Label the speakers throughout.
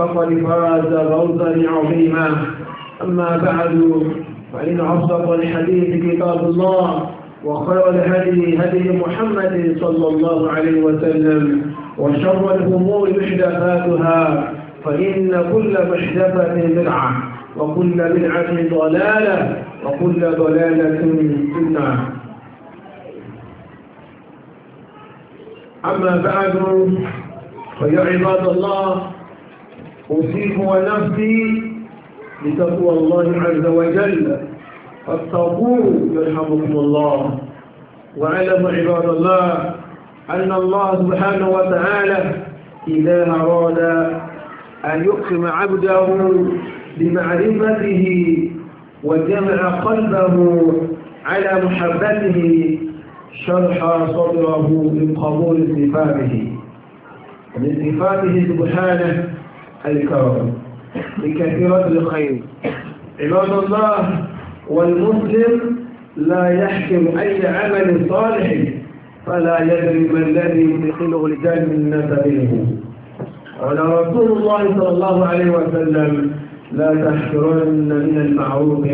Speaker 1: فقد فاز فوزا عظيما أما بعد فإن أصدق الحديث كتاب الله وخير الهدي هدي محمد صلى الله عليه وسلم وشر الأمور محدثاتها فإن كل محدثة بدعة وكل بدعة ضلالة وكل ضلالة سنه أما بعد فيا عباد الله أصيب ونفسي بتقوى الله عز وجل فاتقوه يرحمكم الله واعلموا عباد الله أن الله سبحانه وتعالى إذا أراد أن يقسم عبده بمعرفته وجمع قلبه على محبته شرح صدره من قبول صفاته ومن صفاته سبحانه الكرم لكثيرة الخير عباد الله والمسلم لا يحكم أي عمل صالح فلا يدري ما الذي يدخله لجال من منه قال رسول الله صلى الله عليه وسلم لا تحكرن من المعروف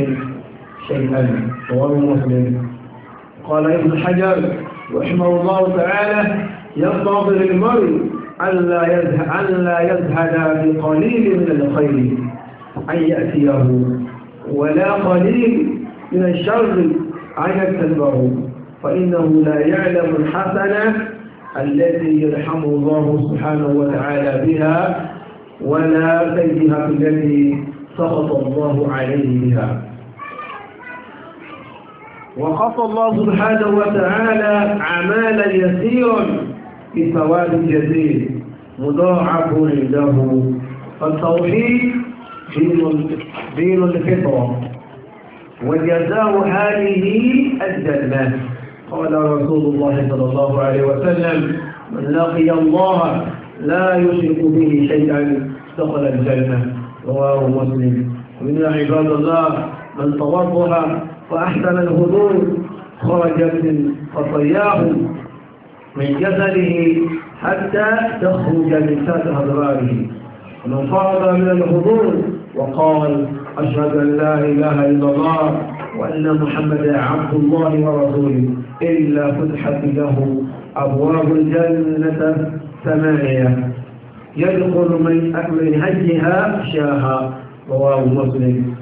Speaker 1: شيئا هو مسلم قال ابن حجر رحمه الله تعالى ينبغي المرء ألا يزهد ألا يزهد بقليل من الخير أن يأتيه ولا قليل من الشر أن يتبعه فإنه لا يعلم الحسنة التي يرحم الله سبحانه وتعالى بها ولا سيئة التي سخط الله عليه بها وقص الله سبحانه وتعالى أعمالا يسيرا بثواب جزيل مضاعف عنده فالتوحيد دين دين الفطرة وجزاء هذه الجنة قال رسول الله صلى الله عليه وسلم من لقي الله لا يشرك به شيئا دخل الجنة رواه مسلم ومن عباد الله من توضأ فأحسن الهدوء خرج من خطاياه من جسده حتى تخرج لسات أدراره ونفرض من الحضور وقال أشهد أن لا إله إلا الله وأن محمدا عبد الله ورسوله إلا فتحت له أبواب الجنة ثمانية يدخل من أكمل هجها شاها رواه مسلم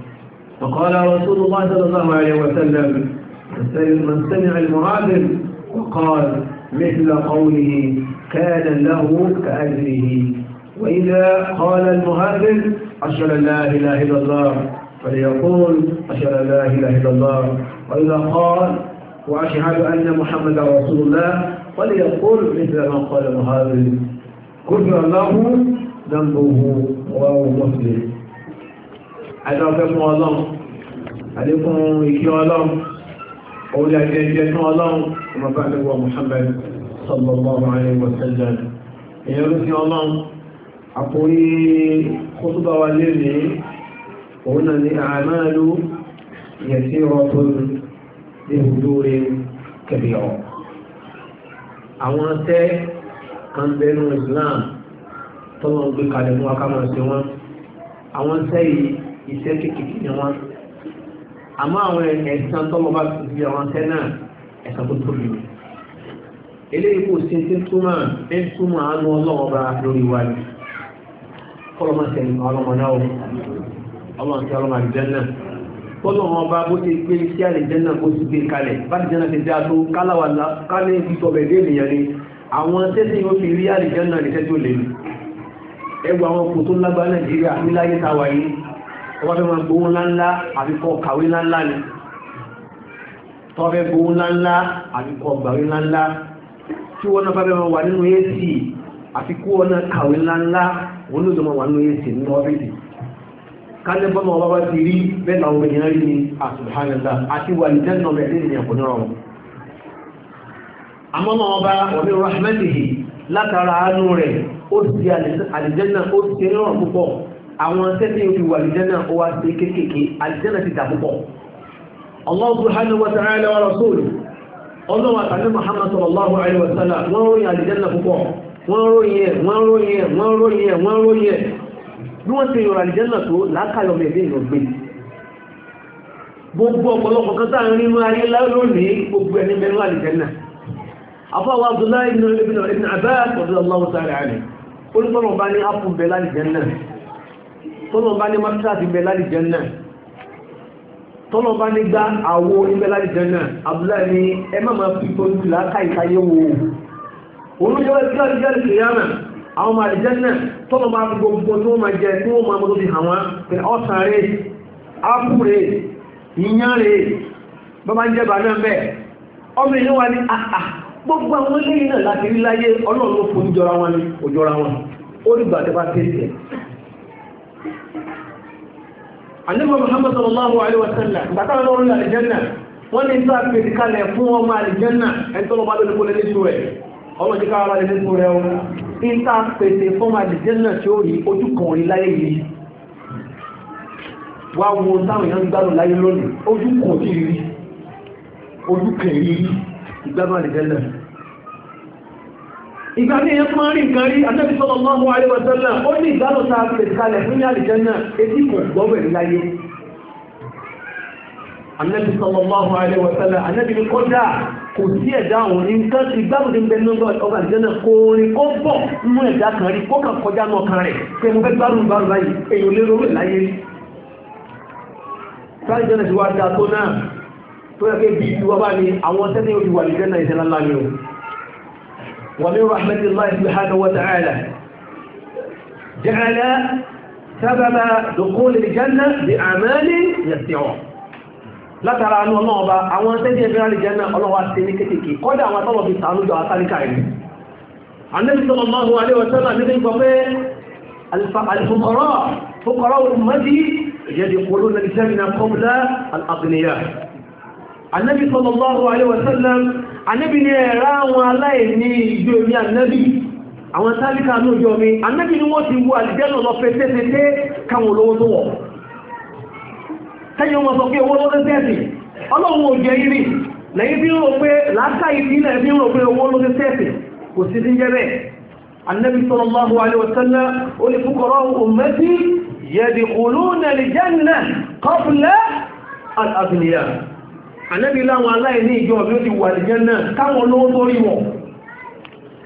Speaker 1: وقال رسول الله صلى الله عليه وسلم من سمع المعادل وقال مثل قوله كان له كأجره وإذا قال المهاجر أشهد أن لا إله إلا الله فليقول أشهد أن لا إله إلا الله وإذا قال وأشهد أن محمدا رسول الله فليقول مثل ما قال المهاجر كفر له ذنبه رواه مسلم. أدعو الله عليكم إكرام الله òun àti ẹgbẹ́ tún ọlọ́run ọmọbá níwọ̀ Muhammad sallallahu alaihi wa sallam èèyàn ló fi ọlọ́run àkórí kótóbá wa lè ní òun náà ní àmàlú yẹtí rọtún ní ìdúrí kẹbíọ àwọn àwọn àmọ́ àwọn ẹ̀sán tọ́lọ́ bá ti di àwọn tẹ́ náà ẹ̀sán tó tóbi ni eléyìí kò sí ti túmọ̀ ní túmọ̀ àánú ọlọ́wọ́ bá lórí wa ni kọ́lọ́mọ tẹ̀lé ọlọ́mọ náà o ọlọ́mọ tẹ̀lé ọlọ́mọ àdìjẹ́ náà kọ́lọ́mọ bá bó ti gbé iṣẹ́ àdìjẹ́ náà bó ti gbé kalẹ̀ bá ti jẹ́nà ti dá tó káláwà lá kálé ìtọ̀bẹ̀ dé ènìyàn ni àwọn tẹ́sí yóò fi rí àdìjẹ́ náà ní tẹ́tí ò lè ní ẹgbẹ́ àwọn kò tó lágbá Nàìjíríà níláyé táwa yìí ọba fẹ́ máa gbówó ńláńlá àbíkọ́ kàwé ńláńlá ni tọ́ fẹ́ gbówó ńláńlá àbíkọ́ gbàwé ńláńlá tí wọ́n náà bá fẹ́ máa wà nínú ac àfikú ọ̀nà kàwé ńláńlá wọn ló máa wà nínú ac nínú ọ́fíìsì kájẹ́ bọ́mọ ọba bá ti rí bẹ́ẹ̀ làwọn ènìyàn rí ni àtùbánilá ah, àti wà ní tẹ́lẹ̀ náà ẹ̀rí ènìyàn kò ní rọrùn àmọ́ náà ọba ọ̀mí rahmatihi látara àánú rẹ̀ ó ti àlìjẹ́nà ó ti rọrùn àwọn tẹ́lẹ̀ òfin wà lìjẹ́nà ó wá sí kéèkéèké alìjẹ́nà ti dàpúpọ̀ Allah subhanahu wa ta'ala wa rasul ọlọ́wà tàbí Muhammad sallallahu alaihi wa sallam wọ́n ròyìn alìjẹ́nà púpọ̀ wọ́n ròyìn ẹ̀ wọ́n ròyìn ẹ̀ wọ́n ròyìn ẹ̀ wọ́n ròyìn ẹ̀ bí wọ́n ti yọ̀rọ̀ alìjẹ́nà tó lákàyọ̀ mẹ́bí ìlú gbé gbogbo ọ̀pọ̀lọpọ̀ kan tá à ń rí inú ayé lónìí gbogbo ẹni mẹ́nu alìjẹ́nà afọwọ́ Abdullahi ibn Abbas radiyallahu ta'ala anhu olùsọ̀rọ̀ bá ní apùnbẹ̀ lálìjẹ́nà tọ́lọ̀bá ní mọ́tíra ti bẹ láti jẹ́ náà tọ́lọ̀bá ní gbá àwọ ibẹ̀ láti jẹ́ náà abúlá ní ẹ má máa fi tó jù láká ìtayé wo olùjọ́ ìtura ti jẹ́rìí kìíyàmà àwọn ọmọ àdìjẹ́ náà tọ́lọ̀bá fi gbogbo tí wọ́n máa jẹ tí wọ́n máa mọ́tò ti hàn wá pé ọ̀sán rè ápù rè àwọn eléyìí náà láti rí láyé ọlọ́run ló fojú wọn ní òjọra wọn ó rí gbàdébà tẹ́lẹ̀ àníbọ̀ Muhammad sallallahu alaihi wasallam gbàtà lọ́rùn àlìjẹ́nà wọ́n ní sáà fi kalẹ̀ fún ọmọ àlìjẹ́nà ẹni tó lọ bá lónìí kó lẹ́lẹ́ sí rẹ̀ ọmọ jíká ara lẹ́lẹ́ sí rẹ̀ ohun ìta pèsè fún àlìjẹ́nà tí ó rí ojú kan rí láyé yìí wá wo táwọn èèyàn gbádùn láyé lónìí ojú kan rí ojú kan rí ìgbádùn àlìjẹ́nà ìgbà ní ẹ̀yẹ́ tó máa rí nǹkan rí Ànábì sallallahu alaihi wasallam ó ní ìgbàlọ́ ta pè kalẹ̀ fún ní àlìjẹ́nà etí kò gbọ́bẹ̀ láyé Ànábì sallallahu alaihi wasallam Ànábì ní kọjá kò sí ẹ̀dá àwọn ní nǹkan ti gbábùdé ń bẹ nígbà ọgbà àlìjẹ́nà kò rìn kó bọ̀ mú ẹ̀dá kan rí kó kàn kọjá náà kan rẹ̀ ومن رحمة الله سبحانه وتعالى جعل سبب دخول الجنة بأعمال يستعون látara anú ọlọ́wọ́ bá àwọn tẹ́jẹ́ ìfẹ́ràn ìjẹ́nà ọlọ́wọ́ àti ní kéèkéèké kọ́dá àwọn tọ́wọ́ fi sàánú jọ àtàríkà ìlú anẹ́bìtọ́lọ́ máa wọ́n alẹ́ wọ́sánà nílé ìgbọ́ pé alifukọ̀rọ̀ fukọ̀rọ̀ mọ́dí ìjẹ́dì kòló na ìjẹ́mìnà kọ́bùlá alàbìnìyà anẹ́bìtọ́lọ́ máa wọ́n alẹ́ wọ́sánà anẹ́bì ni ẹ̀rá àwọn aláìní ìjọ èmi anẹ́bì àwọn tálíkà ní ojú omi anẹ́bì ni wọ́n ti wọ àlìjẹ́nà lọ fẹ́tẹ́fẹ́tẹ́ káwọn olówó tó wọ̀ tẹ́yìn wọn sọ pé owó ló tẹ́ẹ̀sì ọlọ́run òjò yìí lẹ́yìn bí rò pé látà ìpínlẹ̀ bí rò pé owó ló tẹ́ẹ̀sì kò sí sí jẹ́ ànábì láwọn aláìní ìjọ bí ó ti wà nìyẹn náà káwọn olówó tó rí wọn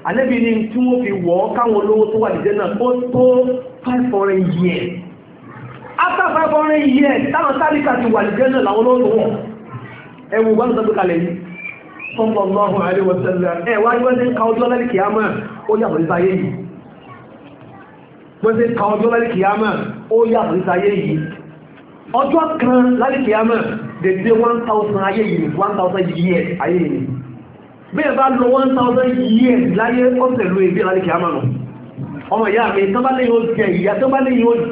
Speaker 1: ànábì ní tí wọ́n fi wọ́ káwọn olówó tó wà nìyẹn náà ó tó 500 years after 500 years táwọn sáríkà ti wà nìyẹn náà láwọn olówó tó wọ́n ẹwù wọn sọ pé kalẹ̀ yìí sallallahu alaihi wasallam ẹ wá ní wọ́n ti ń ka ọjọ́ lẹ́lì kìámà ó yàtọ̀ nípa ayé yìí wọ́n ti ń ka ọjọ́ lẹ́lì kìámà ó yàtọ̀ nípa ayé yìí ọjọ́ kan dèdè 1000 ayé yìí 1000 years a yìí bẹ́ẹ̀ bá lọ 1000 years láyé ọ̀sẹ̀ ló ebi ìrànlẹ̀ kìí àmànà ọmọ ìyá mi tó bá lè yóò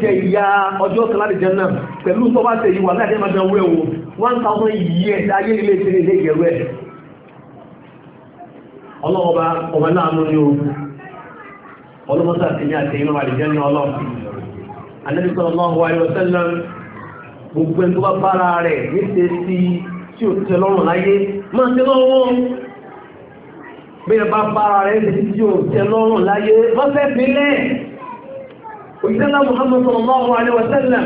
Speaker 1: jẹ ìyá ọjọ́ kan láti jẹ náà pẹ̀lú tó tẹ̀ láti 1000 years ayé ilé ìṣẹ́lẹ̀ ilé ìgẹ̀rẹ́ ọlọ́ọba ọba láàánú ni o ní àdìjẹ́ ọlọ́ gbogbo ẹni tó bá bára rẹ̀ níṣe sí tí ò tẹ lọ́rùn láyé máa tẹ lọ́wọ́ bí ẹ bá bára rẹ̀ níṣe tí ò tẹ lọ́rùn láyé wọ́n fẹ́ bílẹ̀ òṣìṣẹ́lá Muhammad sallallahu alaihi wasallam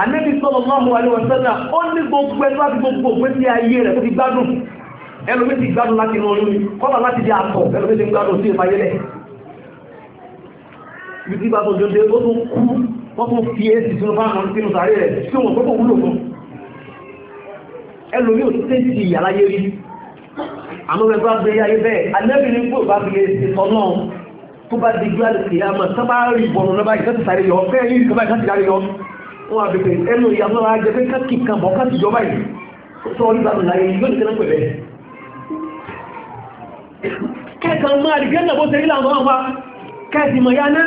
Speaker 1: Ànábì sallallahu alaihi wasallam ó ní gbogbo ẹni láti gbogbo òpé sí ayé rẹ̀ tó ti gbádùn ẹlòmí ti gbádùn láti inú orí kọ́lá láti di àtọ̀ ẹlòmí ti gbádùn sí ìfayélẹ̀ ibi tí bá tó jọ wọ́n tún fi èsì sínú fáwọn sínú sàárè rẹ̀ tí wọ́n gbọ́gbọ́ wúlò fún ẹlòmí ò tẹ́ sí ìyàláyé rí àmọ́mẹ́ bá gbé ayé bẹ́ẹ̀ alẹ́bìnrin kò bá fi èsì sọ́nà tó bá di gbé àlùkè àmọ́ tó bá rí bọ̀nù lọ́ba ìkẹ́sì sáré yọ bẹ́ẹ̀ ní ìjọba ìkẹ́sì sáré yọ wọn àbẹ̀fẹ̀ ẹnu ìyàmọ́ ajẹ́ pé káàkì kan bọ̀ káàkì jọba yìí tó ọdún bá mi láyé yóò ní kẹ́lẹ́ pẹ̀lẹ́ kẹ́ẹ̀kan máa rí gẹ́nà bó ṣe rí làwọn ọmọ wa kẹ́ẹ̀sì mọ̀ yá náà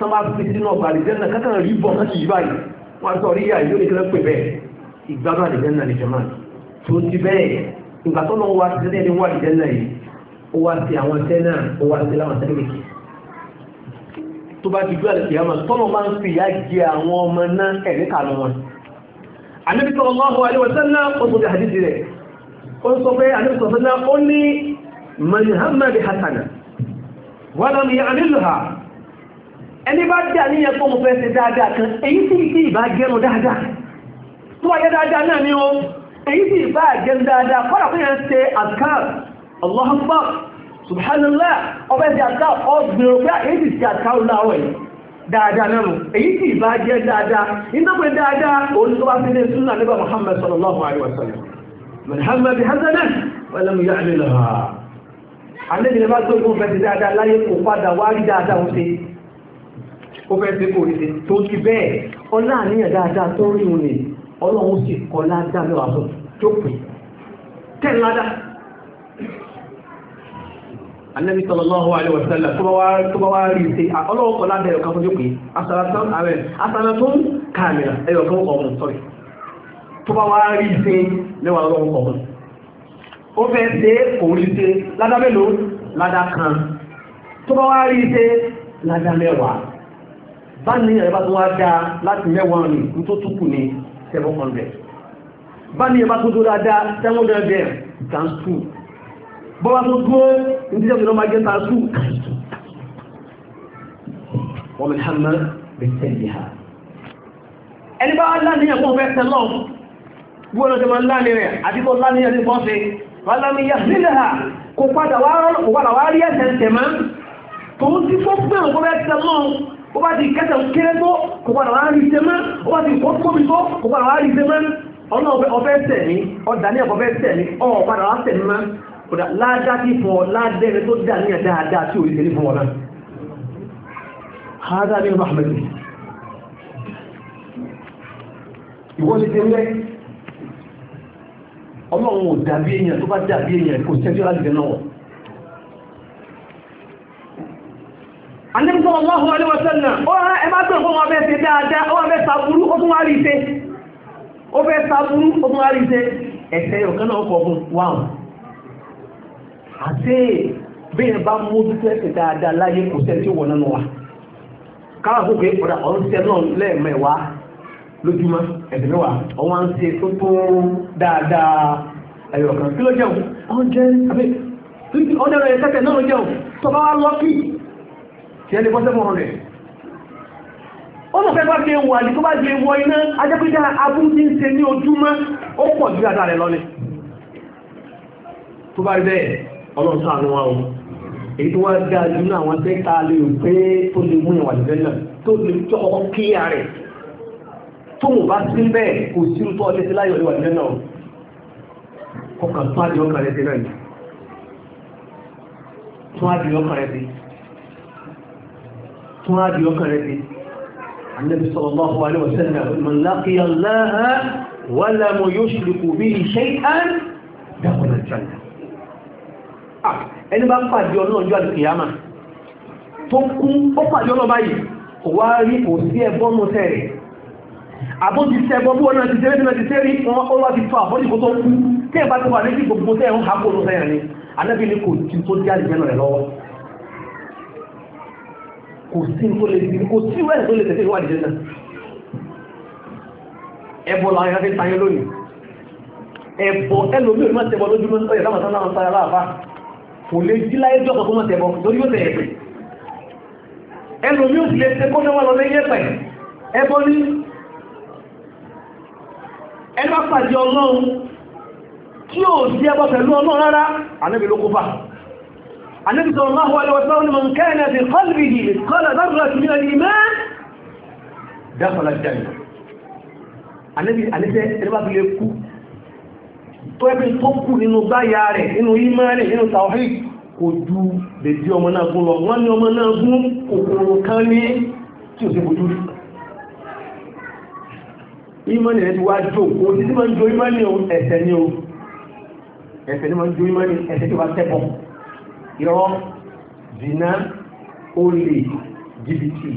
Speaker 1: tán bá fi sínú ọgbà àlìjẹ́nà kákan rí bọ̀ láti yí báyìí wọ́n sọ rí àìyó ní kílẹ̀ pè bẹ́ẹ̀ ìgbádùn àlìjẹ́nà ní jẹ́mà tó ti bẹ́ẹ̀ ìgbà tó lọ́wọ́ wá sí sẹ́lẹ̀ ní wà àlìjẹ́nà yìí ó wá sí àwọn sẹ́nà ó wá sí láwọn sẹ́lẹ̀ méjì tó bá ti gbé àlẹ́ ìyá máa tọ́nà máa ń fi ìyá jẹ àwọn ọmọ náà ẹ̀rí kàánú wọn ànábì sallallahu alaihi ẹni bá dà ní ẹ̀kọ́ mo fẹ́ ṣe dáadáa kan èyí sì sí ìbá gẹ́rùn dáadáa tó wáyé dáadáa náà ni ó èyí sì ìbá gẹ́rùn dáadáa kọ́dà fún yẹn ṣe àkàr Allahu Akbar subhanallah ọba ẹ̀sẹ̀ àkàr ọgbìnrin pé èyí sì ṣe àkàr láwọ̀ yìí dáadáa náà nù èyí sì ìbá jẹ́ ó fẹ́ ṣe kò ríṣe tó ti bẹ́ẹ̀ ọlá àníyàn dáadáa tó rí òun nì ọlọ́run sì kọ́ ládá mẹ́wàá fún tó pè tẹ́ ládá anabi sallallahu alaihi wasallam tó bá wá rí ṣe ọlọ́run kọ́ ládá ẹ̀yọ̀kan fún tó pè asana tó ń kàmìlà ẹ̀yọ̀kan ọmọ sọ́rí tó bá wá rí ṣe mẹ́wàá ọlọ́run kọ́ ó fẹ́ ṣe kò ríṣe ládá mélòó ládá kan tó bá wá rí ṣe ládá mẹ́wàá bá ní ẹ̀bá tó wá dáa láti mẹ́wàá ní ní tó túkù ní 700 bá ní ẹ̀bá tó tó dáadáa 700 times 2 bọ́wá tó tó ní tí jẹ́ ọmọ jẹ́ times 2 wọ́n mi hàmà bẹ̀ tẹ́lẹ̀ ha ẹni bá láàrin ẹ̀kọ́ fẹ́ tẹ́lọ́ gbọ́nà tẹ́ máa láàrin rẹ̀ àti tó láàrin ẹ̀sìn bọ́ sí wà láàrin yà nílẹ̀ ha kò padà wá rí ẹ̀sẹ̀ tẹ̀mọ́ tó ń tí fọ́ pẹ̀lú kó fẹ́ tẹ́lọ́ ó bá ti kẹta kéré tó kò padà wá rí sẹ́mọ́ ó bá ti kọ́ tóbi tó kò padà wá rí sẹ́mọ́ ọ̀nà ọ̀fẹ́ tẹ̀ ní ọ̀dà ní ọ̀fẹ́ tẹ̀ ní ọ̀ padà wá tẹ̀ ní mọ́ kódà ládá tí fún ọ tó dà ní àdáadáa tí ò tẹ́lẹ̀ ọlọ́run náà Ànábì sallallahu alaihi wasallam ó rán ẹ má tó nǹkan wọn fẹ́ ṣe dáadáa ó wọ́n fẹ́ sàbúrú ó tún wá rí ṣe ó fẹ́ sàbúrú ó tún wá rí ṣe ẹ̀sẹ̀ ọ̀kan náà kọ̀ fún wáhùn àti bẹ́ẹ̀ bá mójú tó ẹ̀sẹ̀ dáadáa láyé kò sẹ́ tí ó wọ̀ nánú wa káwà fún pé ọ̀dà ọ̀n ṣe náà lẹ́ẹ̀mẹ̀wá lójúmọ́ ẹ̀sẹ̀ mẹ́wàá ọ̀wọ́n á ń ṣe tó tó dáadáa ẹ̀yọ̀ kan kí ló jẹun ọ̀n tí ẹni bọ́sẹ̀mọ̀ rẹ̀ ó mọ̀ fẹ́ bá fi wà ní tó bá gbé wọ iná ajẹ́pẹ́já abúrúdí ń ṣe ní ojúmọ́ ó pọ̀ jù dáadáa rẹ̀ lọ́lẹ̀ tó bá rí bẹ́ẹ̀ ọlọ́run ṣàánú wa o rẹ̀ tó rẹ̀ sí náà ni rẹ̀ sí tún á di ọkàn rẹ̀ sí annabi sallallahu alaihi wasallam man laqiya allaha wa lam yushriku bihi shay'an dakhala al-janna ah, ẹni bá pàdé ọlọ́run jọ àdìkìyàmà tó kún ó pàdé ọlọ́run báyìí kò wá rí kò sí ẹbọ́nù tẹ̀rẹ̀ àbó ti sẹ ẹbọ́ bí wọn náà ti sẹ́rí náà ti sẹ́rí wọn ó wá ti fọ àbọ́dì kó tó kú tí ẹ bá ti wà ní gbogbo tẹ̀ ń ha kó ló sẹ́yìn ni anábìlì ti tó jáde mẹ́nu rẹ̀ lọ́wọ́ kò sí tó lè fi kò sí wẹ́ẹ̀ tó lè tẹ̀sí ìwà ìdílé náà ẹbọ làwọn ẹ̀rọ fi sáyé lónìí ẹbọ ẹlòmí ò ní máa tẹbọ lójúmọ́ ní ọ̀yẹ̀ láwọn sáwọn sáyé láàfá kò lè jí láyé jọ́ kọ̀ọ̀kan máa tẹbọ lórí yóò tẹ̀yẹ̀ pẹ̀ ẹlòmí ò sì lè tẹ kọ́nà wà lọ́lẹ́ yẹ pẹ̀ ẹbọ ní ẹnu apàdé ọlọ́run tí ò sí ẹbọ pẹ̀lú ọlọ́run rárá ànábì ló kó bá النبي صلى الله عليه وسلم من كان في قلبه مثقال ذرة من الإيمان دخل الجنة النبي النبي ẹ̀rẹ́bá fi lè kú tó ẹbí tó kú nínú báyà rẹ̀ nínú ìmánì nínú tawhid kò ju bèbí ọmọ náà gún lọ wọ́n ní ọmọ náà gún kan ní tí ò sí bojú rí ìmánì rẹ̀ ti wá jò kò sí sí máa ń jo ìmánì ẹ̀ṣẹ̀ ni o ẹ̀ṣẹ̀ ni máa ń jo ìmánì ẹ̀ṣẹ̀ tí wá tẹ́kọ̀ọ́ irọ́ zina olè jìbìtì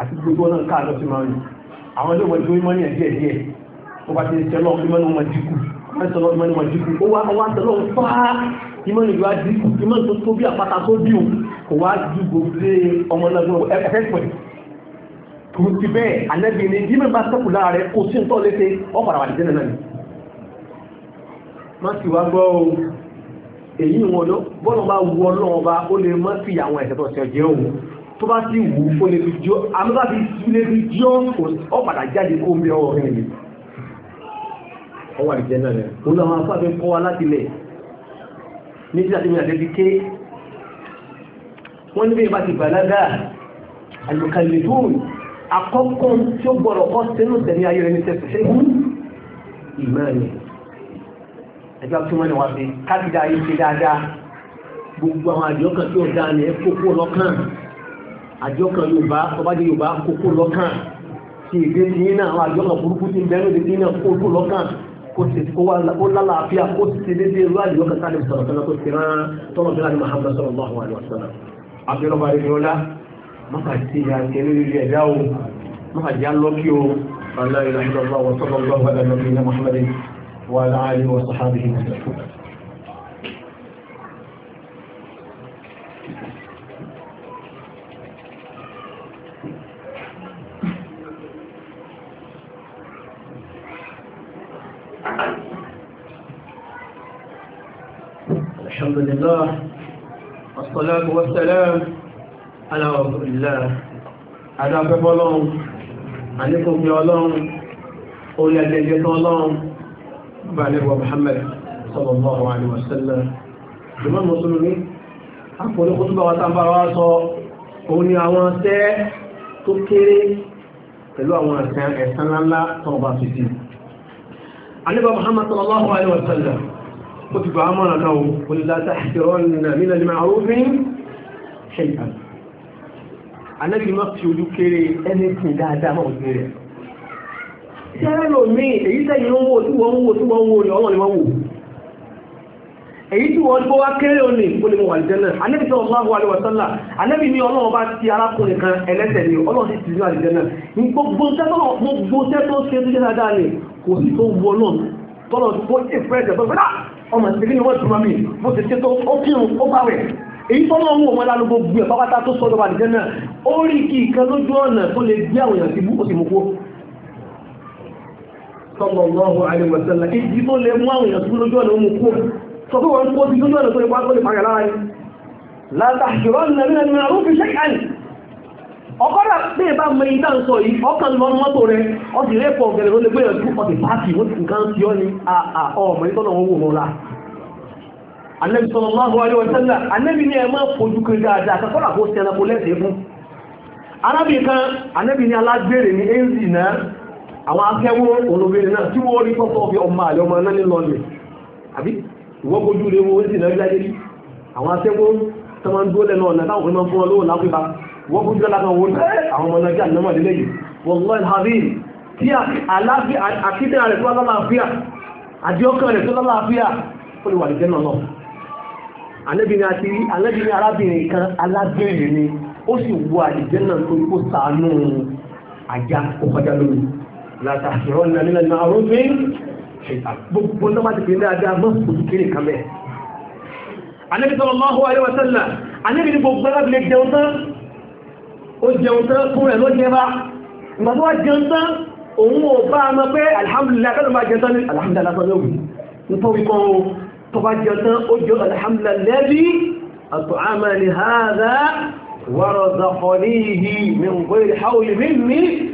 Speaker 1: àti gbogbo ọ̀nà káàdọ̀ sí máa ń lò àwọn ilé ìwọ̀n ìjọ ìmọ̀ ní ẹ̀díẹ̀ díẹ̀ ó bá ti ṣẹlọ ìmọ̀ ní wọn dínkù mẹ́sàn-án ìmọ̀ ní wọn dínkù ó wá wá tẹ̀lọ fáá ìmọ̀ ní ìwà dínkù ìmọ̀ tó tó bí àpáta tó dì kò wá ju gbogbo ọmọ náà gbogbo ẹ̀fẹ́ pẹ̀ tó ti bẹ́ẹ̀ alẹ́bí ni bí mẹ́ta sẹ́kù lára rẹ̀ kò sí ń tọ́ léṣe ọ èyí ni wọn bọ́nà bá wu ọlọ́run bá ó lè mọ́ sí àwọn ẹ̀sẹ̀ tó ṣẹ̀jẹ̀ òun tó bá sì wù ó lè fi jọ́ àmì bá fi lè fi jọ́ ọ padà jáde kó mi ọwọ́ rẹ̀ ni. ọwọ́ àdìjẹ́ náà rẹ̀. òun làwọn afáfẹ́ kọ́ wa láti lẹ̀ ní títà tí mi àti ẹbí ké wọ́n ní bí ìbá ti bàlágà àlùkalẹ̀ tó àkọ́kọ́ tí ó gbọ́dọ̀ kọ́ sínú tẹ̀lé ayé rẹ̀ ní tẹ̀sí ẹjọ́ tí wọ́n ni wà fi kádìdá yìí ṣe dáadáa gbogbo àwọn àjọkàn tí ó dáa ní kókó lọ́kàn àjọkàn Yorùbá ọbájẹ Yorùbá kókó lọ́kàn ti èdè tí yín náà àwọn àjọkàn burúkú ti ń bẹ́ẹ̀ lóde tí yín náà kókó lọ́kàn kó lálàáfíà kó ti dédé irú àjọkàn sáré sọ̀rọ̀ sọ́nà tó ti rán tọ́nà bí láti Muhammad sallallahu alaihi wasallam abdulọba adébíọ́lá mọ́kà sí ìyá kẹlẹ́ وعلى آله وصحابه وسلم الحمد لله الصلاة والسلام على رسول الله على باب الله عليكم يا الله قول يا جيجة bá nígbà Muhammad sallallahu alaihi wasallam ìmọ̀ mùsùlùmí àpòlókò tó bá wá sábà wá sọ òun ni àwọn tẹ́ tó kéré pẹ̀lú àwọn ẹ̀sán ẹ̀sán ńláńlá tọ́wọ́ bá fi sí àníbà Muhammad sallallahu alaihi wasallam ó ti bá tẹ́rẹ́lò mí èyí tẹ́yìn ń wò tí wọ́n ń wò tí wọ́n ń wò ní ọ̀nà ni wọ́n wò èyí tí wọ́n tó wá kéré ò ní ó lè mọ̀ àlìjẹ́nà anẹ́bí tó ọmọ àwọn àlewọ̀sánlá anẹ́bí ni ọlọ́run bá ti arákùnrin kan ẹlẹ́sẹ̀ ni ọlọ́run sì ti ní àlìjẹ́nà gbogbo tẹ́ tó ṣe tó ṣe dáadáa ni kò sí tó wọ náà tọ́lọ̀ tó ṣe fẹ́ ẹ̀jẹ̀ tó fẹ́lá ọmọ ìsìnkú ni wọ́n ti mami mo sì ṣe tó ó kírun ó bá rẹ̀ èyí gbogbo ẹ̀ sallallahu alaihi wa sallam ìdí tó lè mú àwọn èèyàn tó lójú ọ̀nà mú kó sọ pé wọ́n kó sí lójú ọ̀nà tó lè pàtó lè pàgà lára yìí látà ṣùgbọ́ nàmínà ní àwọn òfin ṣe kàn ọkọ́dà pé bá mọ ìdá ń sọ yìí ọkàn lọ mọ́tò rẹ ọdì rẹ pọ̀ gẹ̀rẹ̀ ló lè gbéyànjú ọdì pàtì ó ti nǹkan ti ọ́ ni ọmọ ìtọ́nà wọn wò lọ́la anẹ́bí sallallahu alaihi wa sallam anẹ́bí ní ẹmọ́ fojú kiri dáadáa kọ́lá kó sẹ́nà kó lẹ́sẹ̀ fún arábìnkan anẹ́bí ní alágbèrè ní ẹ́ńzì náà àwọn akẹ́wọ́ olóbìnrin náà tí wọ́n rí pọ́pọ́ fi ọmọ àlẹ́ ọmọ náà nílọ lè àbí ìwọ́n gbójú lé wọ́n sì náà jáde rí àwọn akẹ́wọ́ tó máa ń dúró lẹ́nu ọ̀nà táwọn ọmọ fún wọn lówó lápẹ́bá wọ́n gbójú lára wọn àwọn ọmọ náà jà nọ́mọ̀ lélẹ́ yìí wọ́n lọ́ ìhàbíyì tí àkídà rẹ̀ tó lálàáfíà àdíọ́kàn rẹ̀ tó lálàáfíà ó lè wà lè jẹ́ náà náà alẹ́bìnrin àti alẹ́bìnrin arábìnrin kan alábẹ̀rẹ̀ ni ó sì wọ àdìjẹ́ náà tó kó sàánú àjá kó kọjá lónìí látàṣírọ́ ní alẹ́ náà ọ̀rọ̀ mi ṣètà gbogbo náà ti pè dáadáa mọ́ ojú kéré kan bẹ́ẹ̀. Ànábì sallallahu alaihi wasallam Ànábì ní gbogbo alábìlẹ̀ jẹun tán ó jẹun tán fún rẹ̀ ló jẹ bá ìgbà tó wá jẹun tán òun ò bá a mọ̀ pé alhamdulillah kẹ́lọ́ máa jẹun tán ní alhamdulillah sọ́dọ̀ wù nítorí kan o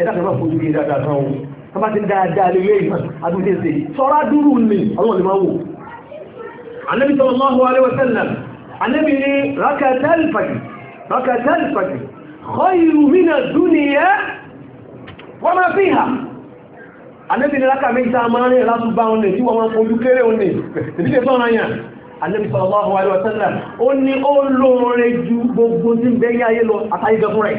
Speaker 1: ẹ̀dàkẹ́bà fojú rí dáadáa tán ohun tàbá ti dáadáa lè lẹ́yìn àdúgbé ṣe sọ́rá dúró ní àwọn olè máa wò anẹ́bí sallallahu alaihi wasallam anẹ́bí ní rákàtàlìfàjì rákàtàlìfàjì khayru mina dunya wa ma fiha anẹ́bí ní rákà méjìlá máa rìn látúbá ọ̀nà tí wọ́n fojú kéré ọ̀nà ìdílé sọ́ra yàn anẹ́bí sallallahu alaihi wasallam ó ní ó lóore ju gbogbo tí ń bẹ́yà ayé lọ àtàyígẹ́ fún rẹ̀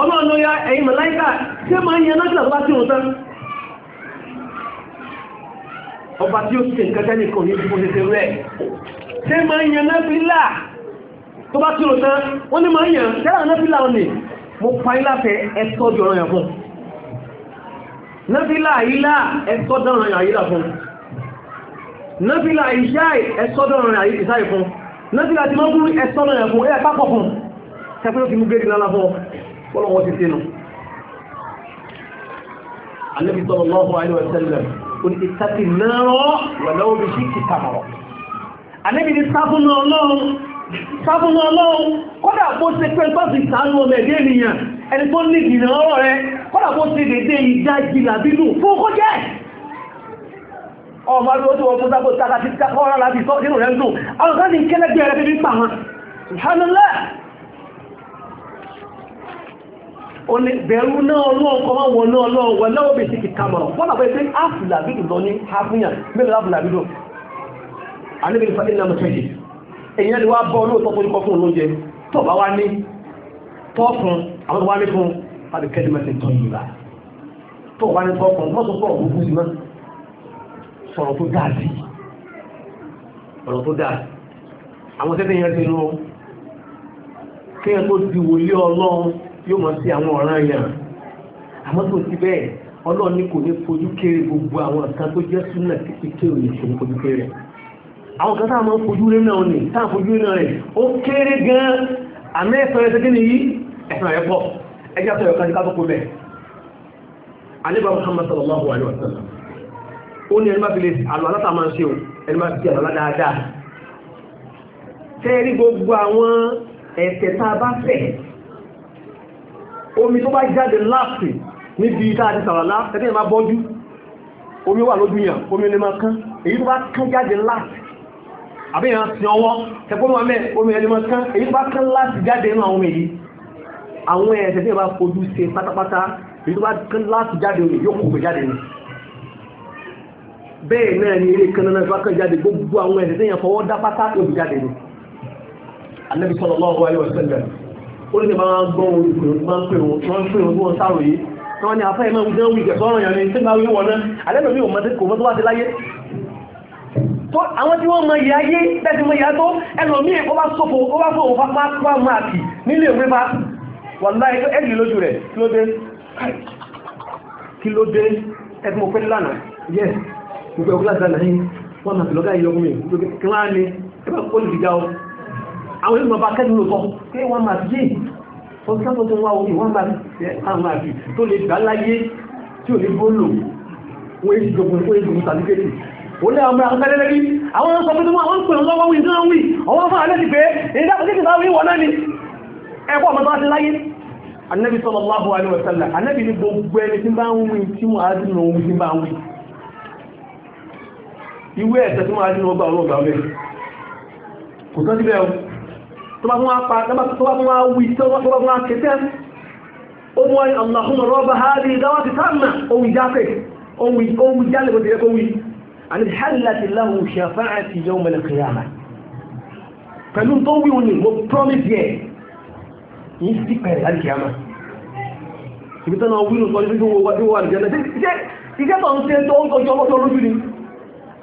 Speaker 1: ọlọ́run ló yá ẹ̀yin màláíkà tí ma ń yẹ náà tàbí láti òun tán ọba tí ó ṣe nǹkan tẹ́lẹ̀ kan ní ìdíkò tẹ́tẹ́ rẹ̀ tí ma ń yẹ náà fi là tó bá tí òun tán wọ́n ní ma ń yẹ tẹ́lẹ̀ náà fi là ọ̀nì mo pa ilá fẹ ẹ̀tọ́ di ọ̀rọ̀ yàn fún náfílà ilá ẹ̀tọ́ dọ̀rọ̀ yàn ayílà fún náfílà ìṣáì ẹ̀tọ́ dọ̀rọ̀ yàn ìṣáì fún náfílà ti mọ́gún ẹ̀tọ́ dọ̀rọ̀ yàn fún ẹ̀yà pápọ̀ fún tẹ́fẹ́ ló fi mú gbé bọ́lọ̀ wọ́n ti sínú Ànábì sallallahu alaihi wasallam oní ìtàkì náà wẹ̀lẹ́ omi sí kìtà mọ̀rọ̀ Ànábì ní sábúnà ọlọ́run sábúnà ọlọ́run kọ́dà bó ṣe pé pàṣẹ ìsànú ọmọ ẹ̀dẹ́ ènìyàn ẹni tó ní ìdìnà ọ̀rọ̀ ọ̀rọ̀ láti sọ́ nínú rẹ̀ ń dùn àwọn kan ní kẹ́lẹ́gbẹ̀ẹ́ rẹ̀ bí pàwọn Subhanallah bẹ̀rù náà ọlọ́ọ̀kọ́ wọn ọlọ́ọ̀wọ̀ lọ́wọ́ bèèrè sí kìkàmọ̀rọ̀ wọ́n làbẹ́ pé áfìlàbìdù lọ ní hafúnyàn mẹ́rin áfìlàbìdù alẹ́bìnrin fàílì náà mọ̀tẹ́jì èyàn ni wá bọ́ olóòtọ́ tó nípa fún olóúnjẹ tó bá wá ní tọ́fún àwọn tó wá ní fún àbíkẹ́lì mẹ́sẹ̀ tọ́ yìí bá tó wá ní tọ́fún mọ́sọ pọ̀rọ̀ gbogbo sí mọ́ sọ̀rọ̀ tó dáa sí ọ̀rọ̀ tó dáa àwọn tẹ́tẹ́ yẹn ti lọ kéèyàn tó di wòlé ọlọ́run yóò mọ̀ sí àwọn ọ̀ràn yẹn àmọ́ tó ti bẹ́ẹ̀ ọlọ́ọ̀ni kò ní fojú kéré gbogbo àwọn nǹkan tó jẹ́ súnà kékeré òye tó ń fojú kéré àwọn kan táwọn fojú rẹ náà ni táwọn fojú rẹ náà rẹ ó kéré gan àmì ẹ̀sán rẹ tẹ́kẹ́ nìyí ẹ̀sán rẹ pọ̀ ẹjẹ́ àtọ̀ ẹ̀ka nípa tó kó bẹ́ẹ̀ alẹ́bà Muhammad sallallahu alaihi wa sallam ó ní ẹni bá fi lè àlọ́ aláta máa ń ṣe o ẹni bá fi àlọ́ dáadáa tẹ́ẹ̀rí gbogbo àwọn ẹ̀ṣẹ̀ tá a bá fẹ́ omi tó bá jáde láàpì níbi ìta àti sàrànlá ẹgbẹ́ ìmá bọ́jú omi wà lójú yàn omi ẹni máa kán èyí tó bá kán jáde láàpì àbí yàn sí ọwọ́ tẹgbọ́n wọn mẹ́ omi ẹni ma kán èyí tó bá kán láàpì jáde inú àwọn èyí àwọn ẹ̀ẹ́sẹ̀ tí ìbá fojú ṣe pátápátá èyí tó bá kán láàpì jáde omi yóò kò jáde ni bẹ́ẹ̀ náà ni eré kan náà bá kán jáde gbogbo àwọn ẹ̀ẹ́sẹ̀ tí yàn fọwọ́ dá pátá yóò jáde ni Ànábì sallallahu alaihi wasallam orílẹ̀ máa gbọ́n olùkùnrin máa ń pè wọn tí wọ́n máa wí wọn náà àwọn tí wọ́n mọ ìyá yé tẹ́sí mọ ìyá tó ẹlòmíì ó sọ́fò ó bá fòun fapá pa máàkì nílé ìwé bá wà láyé tó ẹ̀lì lójú rẹ̀ kí ló dé kí ló dé ẹ̀sìn mo lánàá yẹ gbogbo ẹ̀kú láti àwọn ìmọ̀ bá kẹ́lú lò sọ pé wọ́n máa fi yìí wọ́n sábà tó wá orí wọ́n máa fi àwọn àfi tó lè gbà láyé tí ò ní bólò wọ́n èsì gbogbo wọ́n èsì gbogbo sàdúgbèsì ó lé àwọn akẹ́kẹ́ lẹ́rí àwọn sọ pé wọ́n pè wọ́n lọ́wọ́ wí náà wí ọwọ́ fún àlẹ́ ti pé èyí dákọ̀ kéèkì sáà wí wọ́n náà ni ẹ̀kọ́ ọmọ tó wá sí láyé Ànábì sallallahu alaihi wasallam Ànábì ní gbogbo ẹni tí bá ń wí tí mo àti nà òun tí bá ń wí ìwé ẹ̀sẹ̀ tí mo àti nà ọgbà ọlọ́gbà ọlẹ́ kò tán síbẹ̀ tó bá fún wá wí tó bá fún wá kẹtẹ́ ó mú wáyé allahumma rọ́bà ha rí dáwà ti sáàmà ohun ìjáfẹ́ ohun ìjálẹ̀ bó ti rẹ́ kó wí àti hàlàtì láhùn ṣàfáàtì pẹ̀lú tó wí òní mo promise yẹ yìí sí pẹ̀rẹ̀ láti kìyàmà ibi tó náà wí nù sọ wà ní jẹ́ iṣẹ́ tó ń ṣe tó ń kọjú ọmọ tó lójú ni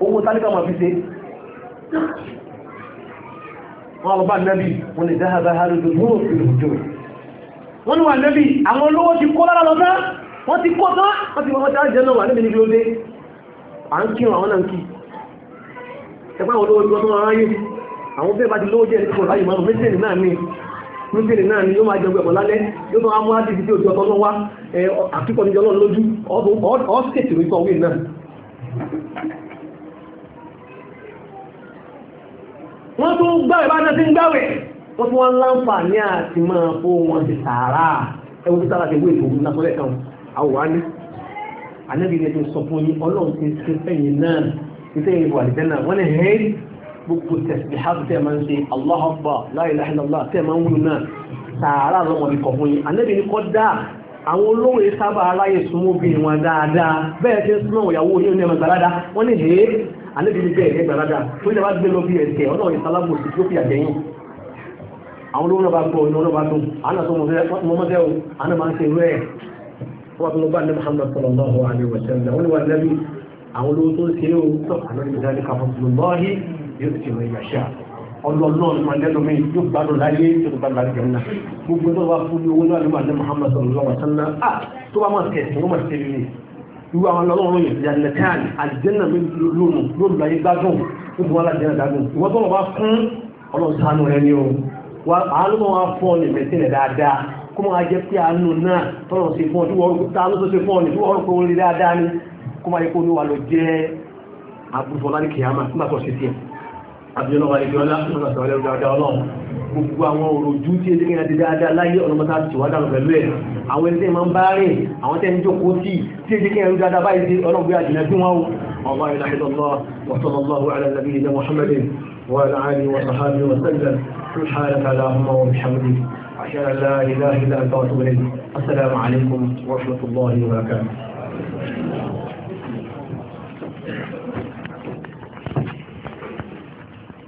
Speaker 1: owó tálíkà ma fi ṣe wọ́n lọ bá nẹ́bí wọ́n lè dáhàbá ha lójú mú òfin òjò wọ́n ni wà nẹ́bí àwọn olówó ti kó lára lọ́tá wọ́n ti kó tán wọ́n ti mọ́mọ́ta jẹ́ náà wà níbi níbi lóde à ń kírun àwọn náà ń kí ẹgbẹ́ àwọn olówó tí wọ́n àwọn bẹ́ẹ̀ bá ti lówó jẹ́ wọ́n tún gbáwẹ̀ bá náà ti ń gbáwẹ̀ wọ́n tún wọ́n láǹfà ní àti máa fó wọn ti sàárà ẹwọ́n ti sára ti wé ètò òun lásọ́lẹ̀ kan àwòrán ní anábì ní ti sọ fún yín ọlọ́run ti ṣe náà ti fẹ́yìn ìwà àdìjẹ́ wọ́n ní la ilaha illallah tẹ́ máa ń wúlò náà sàárà lọ́mọ ní kọ̀ fún yín anábì ní kọ́ dá àwọn olówó sábà aláyè súnmọ́ bí wọn dáadáa hẹ́ alẹ́bí ní bẹ́ẹ̀ lẹ́gbàá ládàá tó yẹ wá gbé lọ bí ẹsẹ̀ ọ̀nà ìsalámù sí tó fi àjẹyìn àwọn olówó náà bá gbọ́ ìnáwó náà bá dùn àánà tó mọ́mọ́dé o àánà máa ń ṣe rẹ̀ wọ́n tún bá ní Muhammad sallallahu alaihi wa sallam wọ́n ní wà lẹ́bí àwọn olówó tó ń ṣe o tó àná ní ìdájọ́ kàfọ́ lọ́hí yóò ti rẹ̀ yàṣà ọlọ́ọ̀lọ́ọ̀ máa lẹ́nu mi yóò ó máa irú àwọn ọlọ́run yẹn jàndínlẹ̀tàn àdìjẹ́nà lónìí lóòlù ayé gbádùn ó fi wọ́n lájẹ́nà gbádùn ìwọ́n tó wọ́n wá fún ọlọ́run sánú rẹ ní o àánú wọn wá fún ọ ní mẹ́tẹ́lẹ̀ dáadáa kó máa jẹ́ pé àánú náà tọ́lọ̀ sí fún ọ tí wọ́n ta ló tó ṣe fún ọ ní tí wọ́n rò pé ó rí dáadáa ni kó máa yẹ kó ní wà lọ jẹ́ àbúrò fọlá ní kìyàmá nígbà tó ṣe tiẹ̀ àbúrò gbogbo àwọn òròjú tí ẹgbẹ́ ìrìnàjò dáadáa láyé ọlọ́mọta ti wá dànù pẹ̀lú ẹ̀ àwọn ẹni tẹ́ ma ń bá rìn àwọn tẹ́ ń jókòó sí tí ẹgbẹ́ ìrìnàjò dáadáa báyìí sí ọlọ́gbé àjìnà bí wọ́n ọmọ wà lẹ́lẹ́bí ilẹ̀ Muhammadin wà láàrin